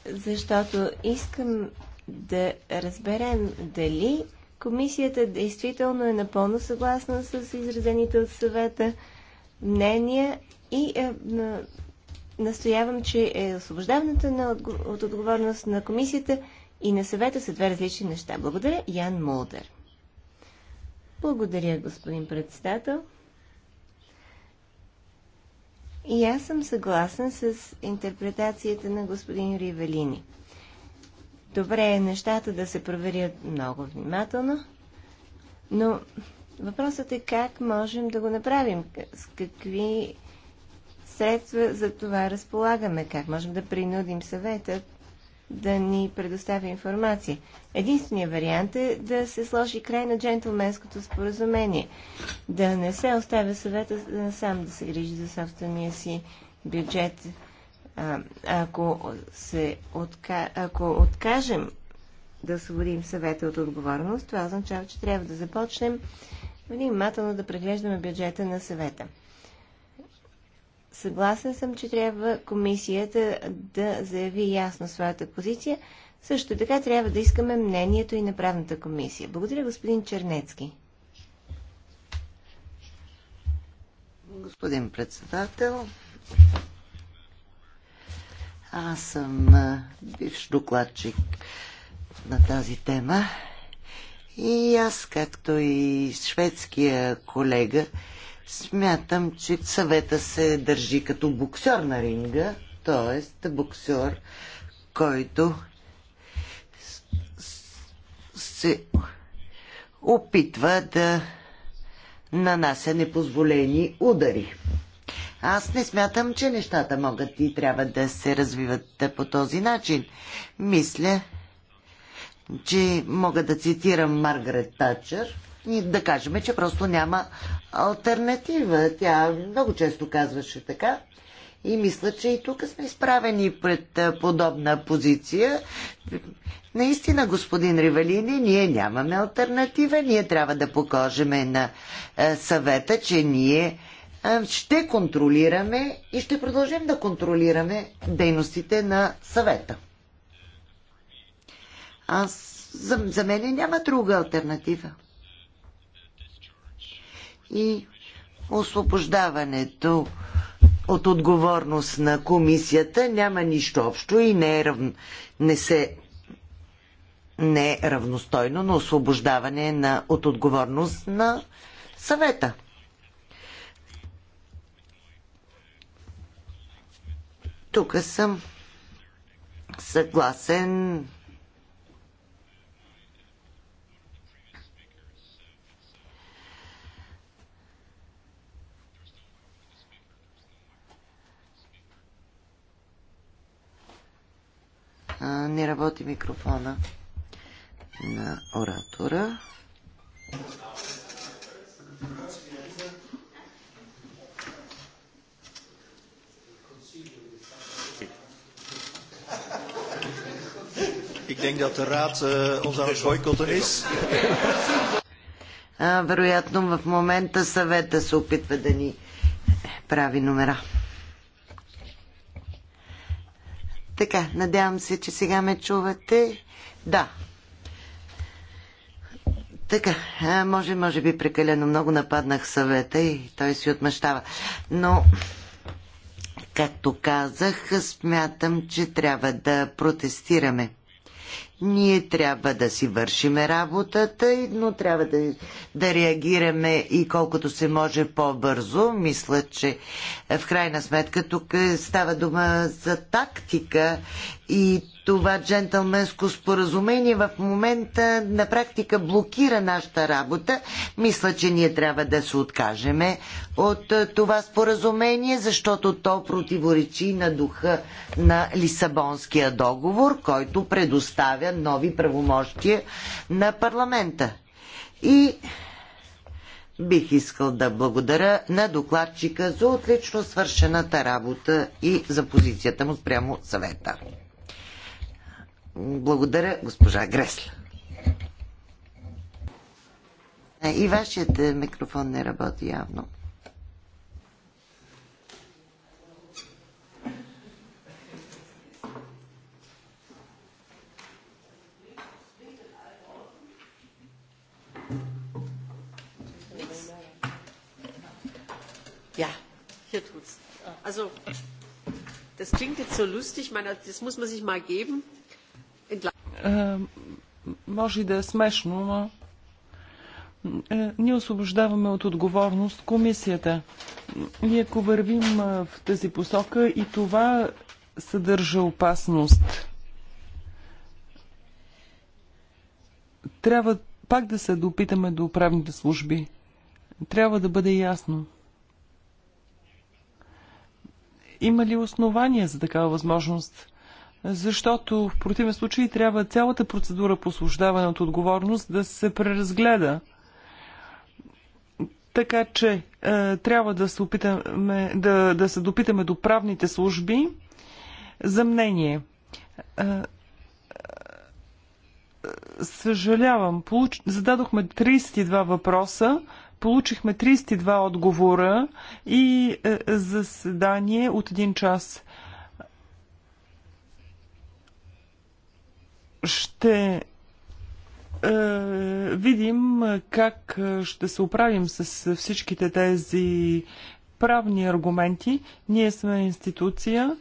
Защото искам да разберем дали комисията действително е напълно съгласна с изразените от съвета мнения и е, на, настоявам, че е освобождаването на, от отговорност на комисията и на съвета са две различни неща. Благодаря, Ян Молдер. Благодаря, господин председател. И аз съм съгласен с интерпретацията на господин Ривелини. Добре е нещата да се проверят много внимателно, но Въпросът е как можем да го направим, с какви средства за това разполагаме, как можем да принудим съветът да ни предоставя информация. Единственият вариант е да се сложи край на джентлменското споразумение, да не се оставя съвета сам да се грижи за собствения си бюджет. А, ако, се отка... ако откажем да освободим съвета от отговорност, това означава, че трябва да започнем Нали, внимателно да преглеждаме бюджета на съвета. Съгласен съм, че трябва комисията да заяви ясно своята позиция. Също така трябва да искаме мнението и на правната комисия. Благодаря, господин Чернецки. Господин председател, аз съм бивш докладчик на тази тема и аз, както и шведския колега, смятам, че съвета се държи като боксер на ринга, т.е. боксер, който се опитва да нанася непозволени удари. Аз не смятам, че нещата могат и трябва да се развиват по този начин. Мисля, че мога да цитирам Маргарет Тачър и да кажем, че просто няма альтернатива. Тя много често казваше така. И мисля, че и тук сме изправени пред подобна позиция. Наистина, господин Ривалини, ние нямаме альтернатива. Ние трябва да покажем на съвета, че ние ще контролираме и ще продължим да контролираме дейностите на съвета. Аз, за, за мен няма друга альтернатива. И освобождаването от отговорност на комисията няма нищо общо и не, е рав... не се не е равностойно на освобождаване на... от отговорност на съвета. Тук съм съгласен не работи микрофона на оратора. Ik denk dat de Raad uh, ons aan het boycotten is. вероятно в момента съвета се опитва да ни прави номера. Така, надявам се, че сега ме чувате. Да. Така, може, може би прекалено много нападнах съвета и той си отмъщава. Но, както казах, смятам, че трябва да протестираме. Ние трябва да си вършиме работата, но трябва да, да реагираме и колкото се може по-бързо. Мисля, че в крайна сметка тук е, става дума за тактика и това джентълменско споразумение в момента на практика блокира нашата работа. Мисля, че ние трябва да се откажеме от това споразумение, защото то противоречи на духа на Лисабонския договор, който предоставя нови правомощия на парламента. И бих искал да благодаря на докладчика за отлично свършената работа и за позицията му спрямо съвета. Благодаря, госпожа Гресла. И вашият микрофон не работи явно. Ja, hier tut's. Also, das klingt jetzt so lustig, meine, das muss man sich mal geben е, може да е смешно, но е, ние освобождаваме от отговорност комисията. И ако вървим е, в тази посока, и това съдържа опасност. Трябва пак да се допитаме до управните служби. Трябва да бъде ясно. Има ли основания за такава възможност? защото в противен случай трябва цялата процедура по освобождаване от отговорност да се преразгледа. Така че е, трябва да се, опитаме, да, да се допитаме до правните служби за мнение. Е, е, съжалявам, получ... зададохме 32 въпроса, получихме 32 отговора и е, заседание от един час. Ще е, видим как ще се оправим с всичките тези правни аргументи. Ние сме институция,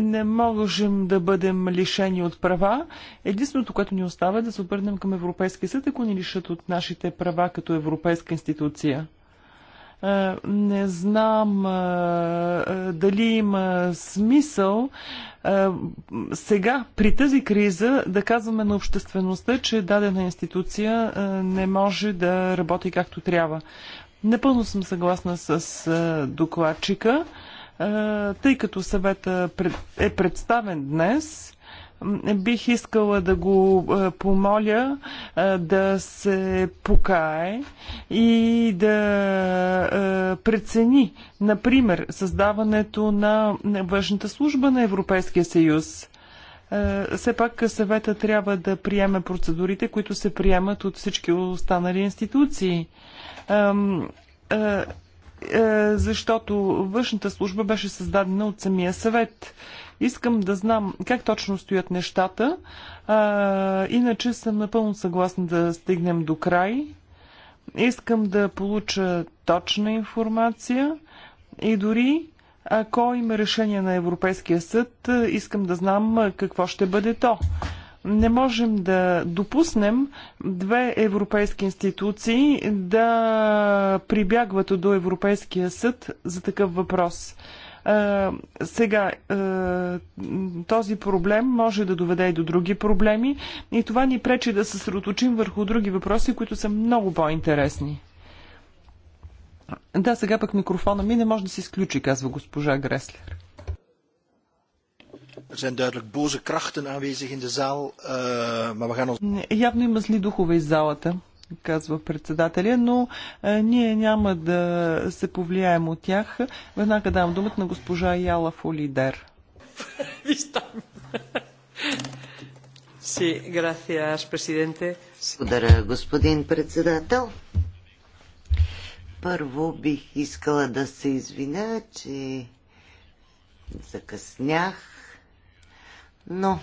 не можем да бъдем лишени от права. Единственото, което ни остава е да се обърнем към Европейския съд, ако ни лишат от нашите права като европейска институция. Е, не знам е, е, дали има смисъл сега при тази криза да казваме на обществеността, че дадена институция не може да работи както трябва. Напълно съм съгласна с докладчика, тъй като съвета е представен днес бих искала да го помоля да се покае и да прецени, например, създаването на външната служба на Европейския съюз. Все пак съвета трябва да приеме процедурите, които се приемат от всички останали институции защото външната служба беше създадена от самия съвет. Искам да знам как точно стоят нещата. А, иначе съм напълно съгласна да стигнем до край. Искам да получа точна информация и дори ако има решение на Европейския съд, искам да знам какво ще бъде то. Не можем да допуснем две европейски институции да прибягват до Европейския съд за такъв въпрос сега, този проблем може да доведе и до други проблеми и това ни пречи да се съсредоточим върху други въпроси, които са много по-интересни. Да, сега пък микрофона ми не може да се изключи, казва госпожа Греслер. Er eh, явно има зли духове из залата казва председателя, но е, ние няма да се повлияем от тях. Веднага давам думата на госпожа Яла Фолидер. Благодаря, господин председател. Първо бих искала да се извиня, че закъснях, но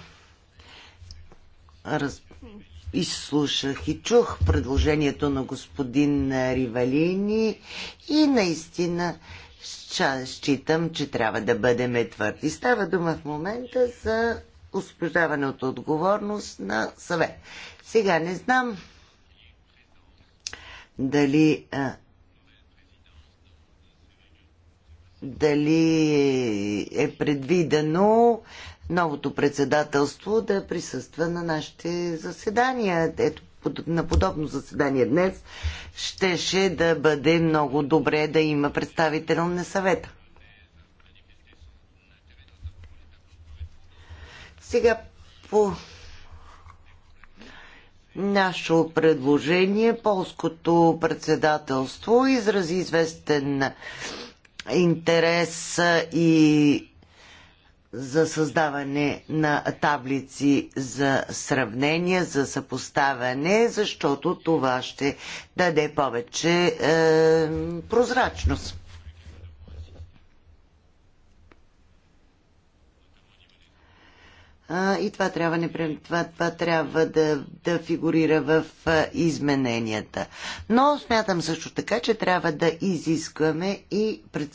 раз изслушах и чух предложението на господин Ривалини и наистина считам, че трябва да бъдем твърди. Става дума в момента за освобождаване от отговорност на съвет. Сега не знам дали а, дали е предвидено новото председателство да присъства на нашите заседания. Ето, на подобно заседание днес щеше да бъде много добре да има представител на съвета. Сега по наше предложение полското председателство изрази известен интерес и за създаване на таблици за сравнение, за съпоставяне, защото това ще даде повече е, прозрачност. и това трябва, не, това, това трябва да, да фигурира в измененията. Но смятам също така, че трябва да изискваме и пред,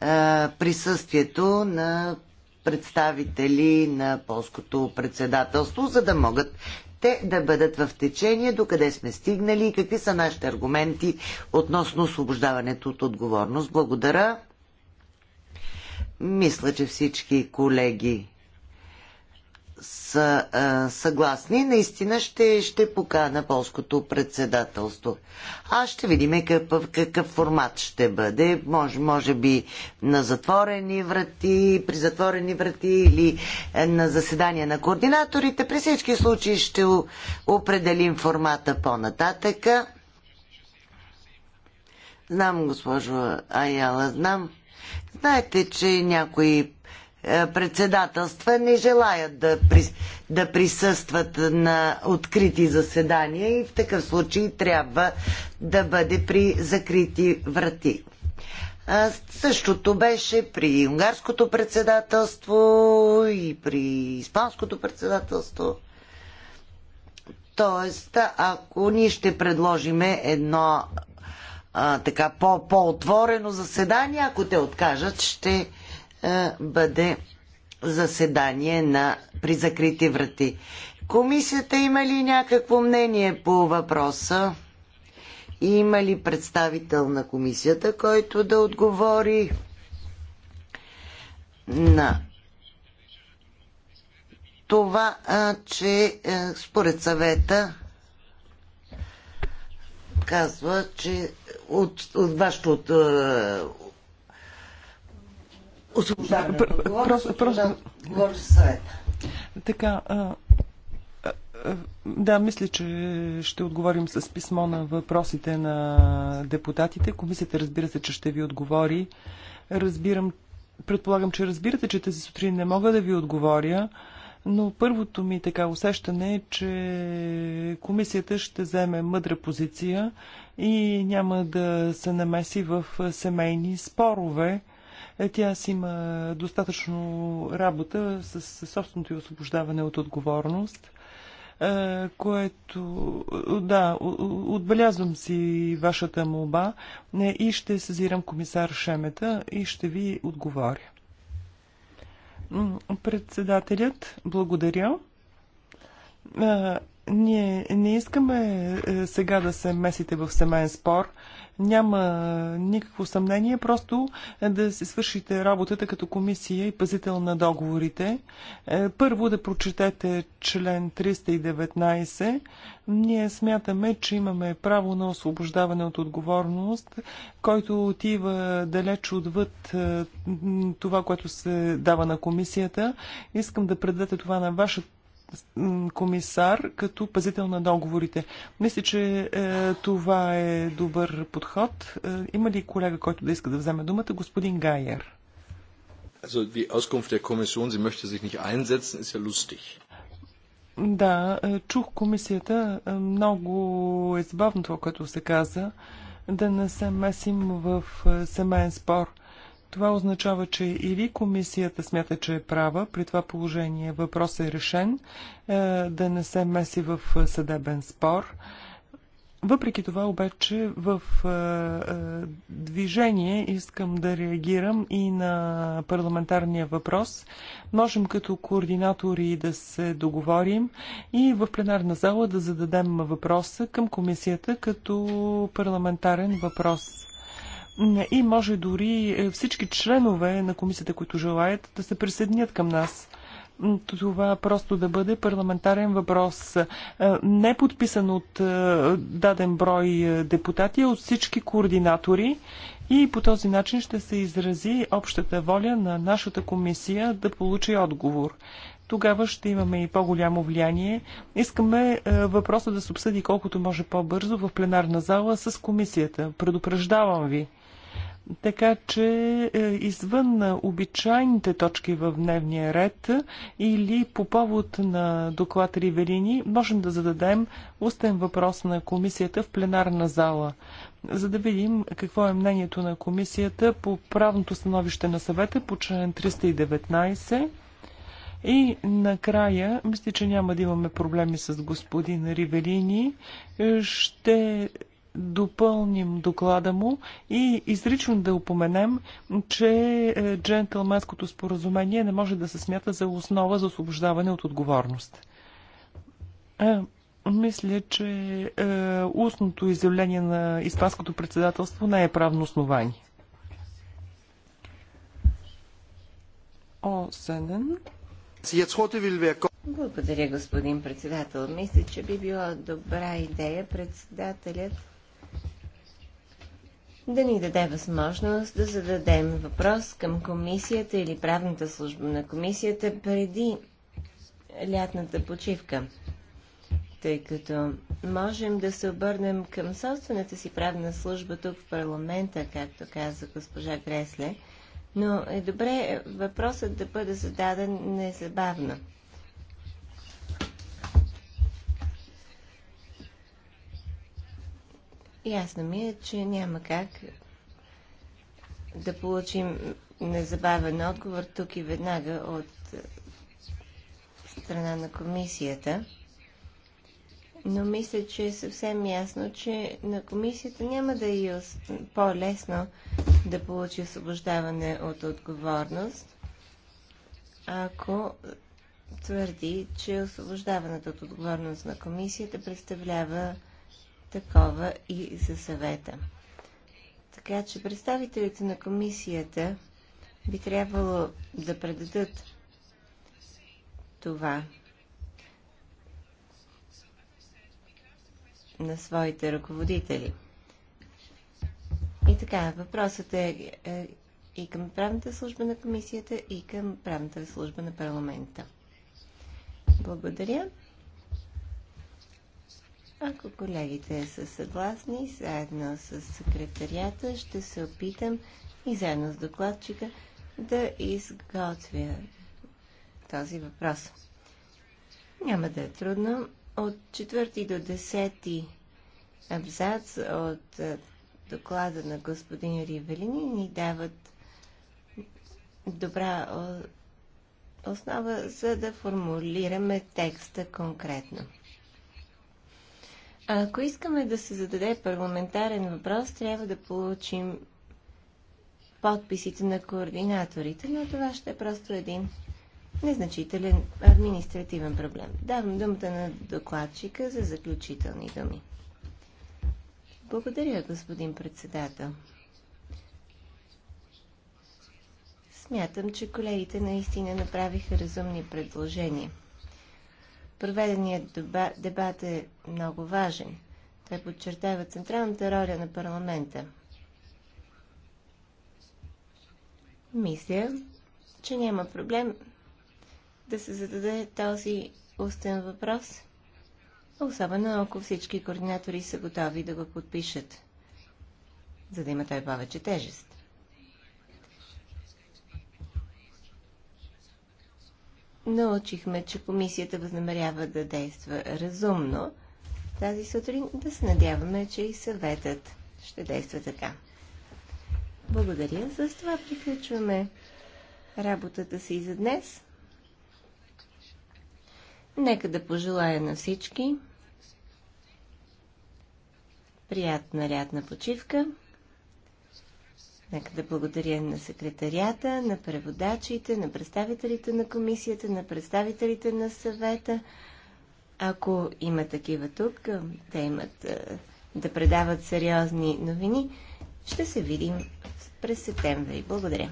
а, присъствието на представители на полското председателство, за да могат те да бъдат в течение до къде сме стигнали и какви са нашите аргументи относно освобождаването от отговорност. Благодаря. Мисля, че всички колеги са а, съгласни, наистина ще, ще покана полското председателство. А ще видим какъв, какъв формат ще бъде. Може, може би на затворени врати, при затворени врати или е, на заседание на координаторите. При всички случаи ще определим формата по-нататъка. Знам, госпожо Аяла, знам. Знаете, че някои е, председателства не желаят да, да присъстват на открити заседания и в такъв случай трябва да бъде при закрити врати. Същото беше при унгарското председателство и при испанското председателство. Тоест, ако ние ще предложиме едно а, така по-отворено -по заседание, ако те откажат, ще бъде заседание на, при закрити врати. Комисията има ли някакво мнение по въпроса? Има ли представител на комисията, който да отговори на това, че според съвета казва, че от, от вашето от, освобождаване на отговорност просто... съвета. Така, а, а, да, мисля, че ще отговорим с писмо на въпросите на депутатите. Комисията разбира се, че ще ви отговори. Разбирам, предполагам, че разбирате, че тази сутрин не мога да ви отговоря. Но първото ми така усещане е, че комисията ще вземе мъдра позиция и няма да се намеси в семейни спорове. Е, тя си има достатъчно работа с собственото и освобождаване от отговорност е, което, да, отбелязвам си вашата молба е, и ще съзирам комисар Шемета и ще ви отговоря. Председателят, благодаря. Ние не искаме сега да се месите в семейен спор. Няма никакво съмнение, просто да се свършите работата като комисия и пазител на договорите. Е, първо да прочетете член 319. Ние смятаме, че имаме право на освобождаване от отговорност, който отива далеч отвъд е, това, което се дава на комисията. Искам да предадете това на вашата комисар като пазител на договорите. Мисля, че е, това е добър подход. Е, има ли колега, който да иска да вземе думата? Господин Гайер. Also die Auskunft der Kommission, sie möchte sich nicht einsetzen, ist ja lustig. Да, е, чух комисията. Е, много е забавно това, което се каза. Да не се месим в е, семейен спор – това означава, че или комисията смята, че е права, при това положение въпрос е решен е, да не се меси в съдебен спор. Въпреки това обаче в е, е, движение искам да реагирам и на парламентарния въпрос. Можем като координатори да се договорим и в пленарна зала да зададем въпроса към комисията като парламентарен въпрос и може дори е, всички членове на комисията, които желаят да се присъединят към нас това просто да бъде парламентарен въпрос. Е, не подписан от е, даден брой депутати, а от всички координатори и по този начин ще се изрази общата воля на нашата комисия да получи отговор. Тогава ще имаме и по-голямо влияние. Искаме въпроса да се обсъди колкото може по-бързо в пленарна зала с комисията. Предупреждавам ви. Така че е, извън обичайните точки в дневния ред или по повод на доклад Ривелини можем да зададем устен въпрос на комисията в пленарна зала, за да видим какво е мнението на комисията по правното становище на съвета по член 319. И накрая, мисля, че няма да имаме проблеми с господин Ривелини. Ще допълним доклада му и изрично да упоменем, че е, джентълменското споразумение не може да се смята за основа за освобождаване от отговорност. Е, мисля, че е, устното изявление на Испанското председателство не е правно основание. О, Сенен. Благодаря, господин председател. Мисля, че би била добра идея председателят да ни даде възможност да зададем въпрос към комисията или правната служба на комисията преди лятната почивка, тъй като можем да се обърнем към собствената си правна служба тук в парламента, както каза госпожа Гресле, но е добре въпросът да бъде зададен незабавно. Ясно ми е, че няма как да получим незабавен отговор тук и веднага от страна на комисията. Но мисля, че е съвсем ясно, че на комисията няма да е по-лесно да получи освобождаване от отговорност, ако твърди, че освобождаването от отговорност на комисията представлява такова и за съвета. Така че представителите на комисията би трябвало да предадат това на своите ръководители. И така, въпросът е, е и към правната служба на комисията, и към правната служба на парламента. Благодаря. Ако колегите са съгласни, заедно с секретарията ще се опитам и заедно с докладчика да изготвя този въпрос. Няма да е трудно. От 4 до 10 абзац от е, доклада на господин Ривелини ни дават добра основа, за да формулираме текста конкретно. Ако искаме да се зададе парламентарен въпрос, трябва да получим подписите на координаторите, но това ще е просто един незначителен административен проблем. Давам думата на докладчика за заключителни думи. Благодаря, господин председател. Смятам, че колегите наистина направиха разумни предложения – Проведеният дебат е много важен. Той подчертава централната роля на парламента. Мисля, че няма проблем да се зададе този устен въпрос, особено ако всички координатори са готови да го подпишат, за да има той повече тежест. научихме, че комисията възнамерява да действа разумно тази сутрин, да се надяваме, че и съветът ще действа така. Благодаря. С това приключваме работата си за днес. Нека да пожелая на всички приятна рядна почивка. Нека да благодаря на секретарията, на преводачите, на представителите на комисията, на представителите на съвета. Ако има такива тук, те имат да предават сериозни новини. Ще се видим през септември. Благодаря.